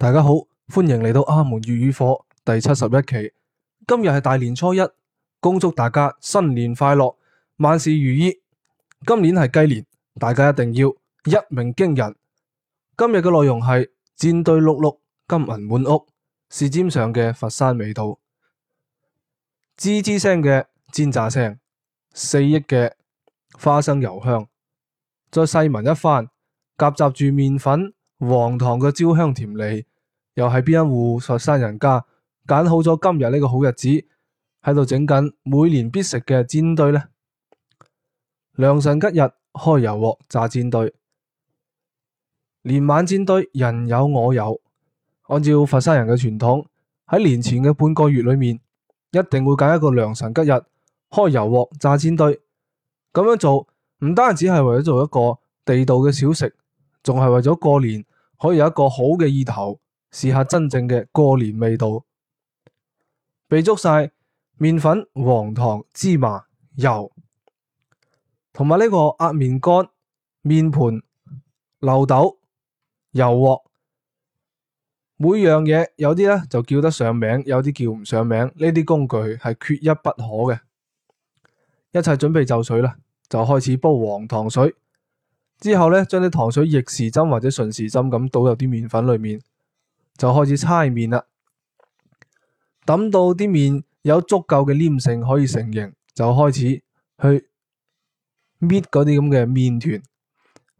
大家好，歡迎嚟到阿門粵語課第七十一期。今日係大年初一，恭祝大家新年快樂，萬事如意。今年係雞年，大家一定要一鳴驚人。今日嘅內容係煎堆碌碌，金銀滿屋，舌尖上嘅佛山味道，吱吱聲嘅煎炸聲，四溢嘅花生油香，再細聞一番，夾雜住麵粉。黃糖嘅焦香甜膩，又係邊一戶佛山人家揀好咗今日呢個好日子喺度整緊每年必食嘅煎堆呢？良辰吉日開油鑊炸煎堆，年晚煎堆人有我有。按照佛山人嘅傳統，喺年前嘅半個月裏面，一定會揀一個良辰吉日開油鑊炸煎堆。咁樣做唔單止係為咗做一個地道嘅小食，仲係為咗過年。可以有一個好嘅意頭，試下真正嘅過年味道。備足晒：麵粉、黃糖、芝麻、油，同埋呢個壓麵杆、麵盤、漏斗、油鑊。每樣嘢有啲咧就叫得上名，有啲叫唔上名。呢啲工具係缺一不可嘅。一切準備就緒啦，就開始煲黃糖水。之後咧，將啲糖水逆時針或者順時針咁倒入啲麵粉裏面，就開始搓麵啦。等到啲麵有足夠嘅黏性可以成型，就開始去搣嗰啲咁嘅麵團。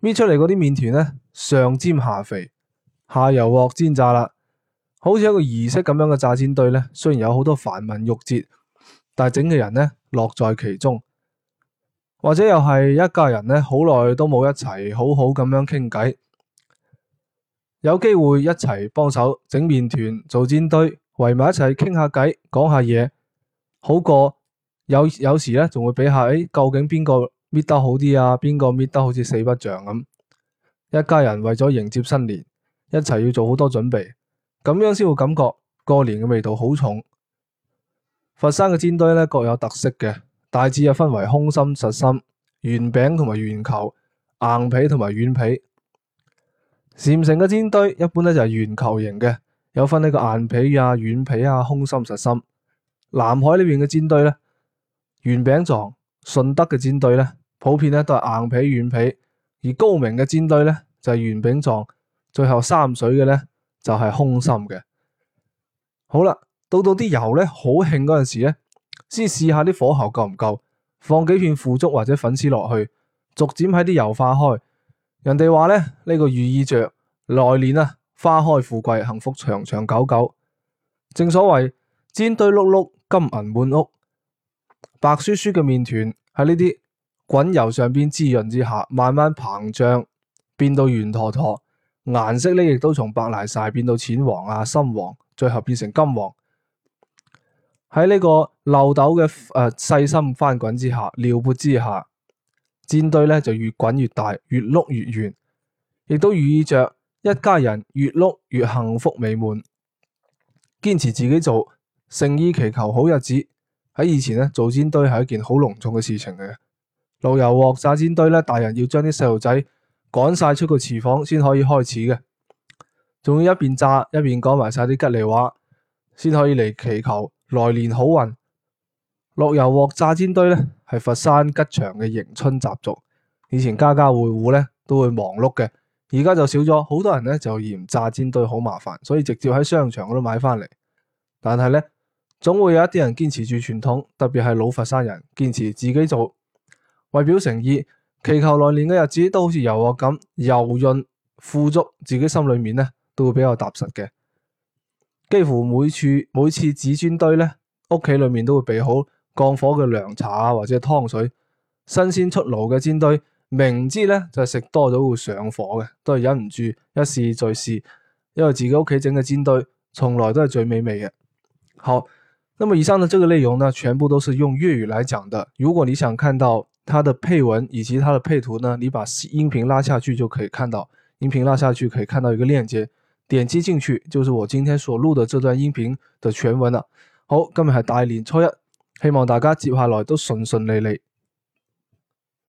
搣出嚟嗰啲麵團呢，上尖下肥，下油鑊煎炸啦，好似一個儀式咁樣嘅炸煎堆呢。雖然有好多繁文縟節，但係整個人呢，樂在其中。或者又係一家人咧，好耐都冇一齊好好咁樣傾偈，有機會一齊幫手整麵團、做煎堆，圍埋一齊傾下偈、講下嘢，好過有有時咧，仲會比下誒，究竟邊個搣得好啲啊？邊個搣得好似四不像咁？一家人為咗迎接新年，一齊要做好多準備，咁樣先會感覺過年嘅味道好重。佛山嘅煎堆咧，各有特色嘅。大致又分為空心、實心、圓餅同埋圓球、硬皮同埋軟皮。禪城嘅煎堆一般咧就係圓球形嘅，有分呢個硬皮啊、軟皮啊、空心、實心。南海呢邊嘅煎堆咧圓餅狀，順德嘅煎堆咧普遍咧都係硬皮、軟皮，而高明嘅煎堆咧就係圓餅狀，最後三水嘅咧就係空心嘅。好啦，到到啲油咧好興嗰陣時咧。先試下啲火候夠唔夠，放幾片腐竹或者粉絲落去，逐漸喺啲油化開。人哋話咧，呢個寓意着來年啊花開富貴，幸福長長久久。正所謂煎堆碌碌碌，金銀滿屋。白雪雪嘅麵團喺呢啲滾油上邊滋潤之下，慢慢膨脹，變到圓坨坨，顏色呢亦都從白泥曬變到淺黃啊、深黃，最後變成金黃。喺呢個漏斗嘅誒細心翻滾之下、撩撥之下，煎堆咧就越滾越大、越碌越圓，亦都寓意着一家人越碌越幸福美滿。堅持自己做，誠意祈求好日子。喺以前咧，做煎堆係一件好隆重嘅事情嚟嘅。路油鑊炸煎堆咧，大人要將啲細路仔趕晒出個廚房先可以開始嘅，仲要一邊炸一邊講埋晒啲吉利話，先可以嚟祈求。來年好運，落油鑊炸煎堆咧，係佛山吉祥嘅迎春習俗。以前家家戶戶咧都會忙碌嘅，而家就少咗，好多人咧就嫌炸煎堆好麻煩，所以直接喺商場嗰度買翻嚟。但係咧，總會有一啲人堅持住傳統，特別係老佛山人，堅持自己做，為表誠意，祈求來年嘅日子都好似油鑊咁，油潤富足，自己心裏面咧都會比較踏實嘅。幾乎每處每次紫煎堆咧，屋企裏面都會備好降火嘅涼茶啊，或者湯水。新鮮出爐嘅煎堆，明知咧就係食多咗會上火嘅，都係忍唔住一試再試，因為自己屋企整嘅煎堆從來都係最美味嘅。好，那麼以上嘅這個內容呢，全部都是用粵語來講嘅。如果你想看到它的配文以及它的配圖呢，你把音頻拉下去就可以看到，音頻拉下去可以看到一個鏈接。點擊進去就是我今天所錄的這段音頻的全文了。好，今日係大年初一，希望大家接下來都順順利利。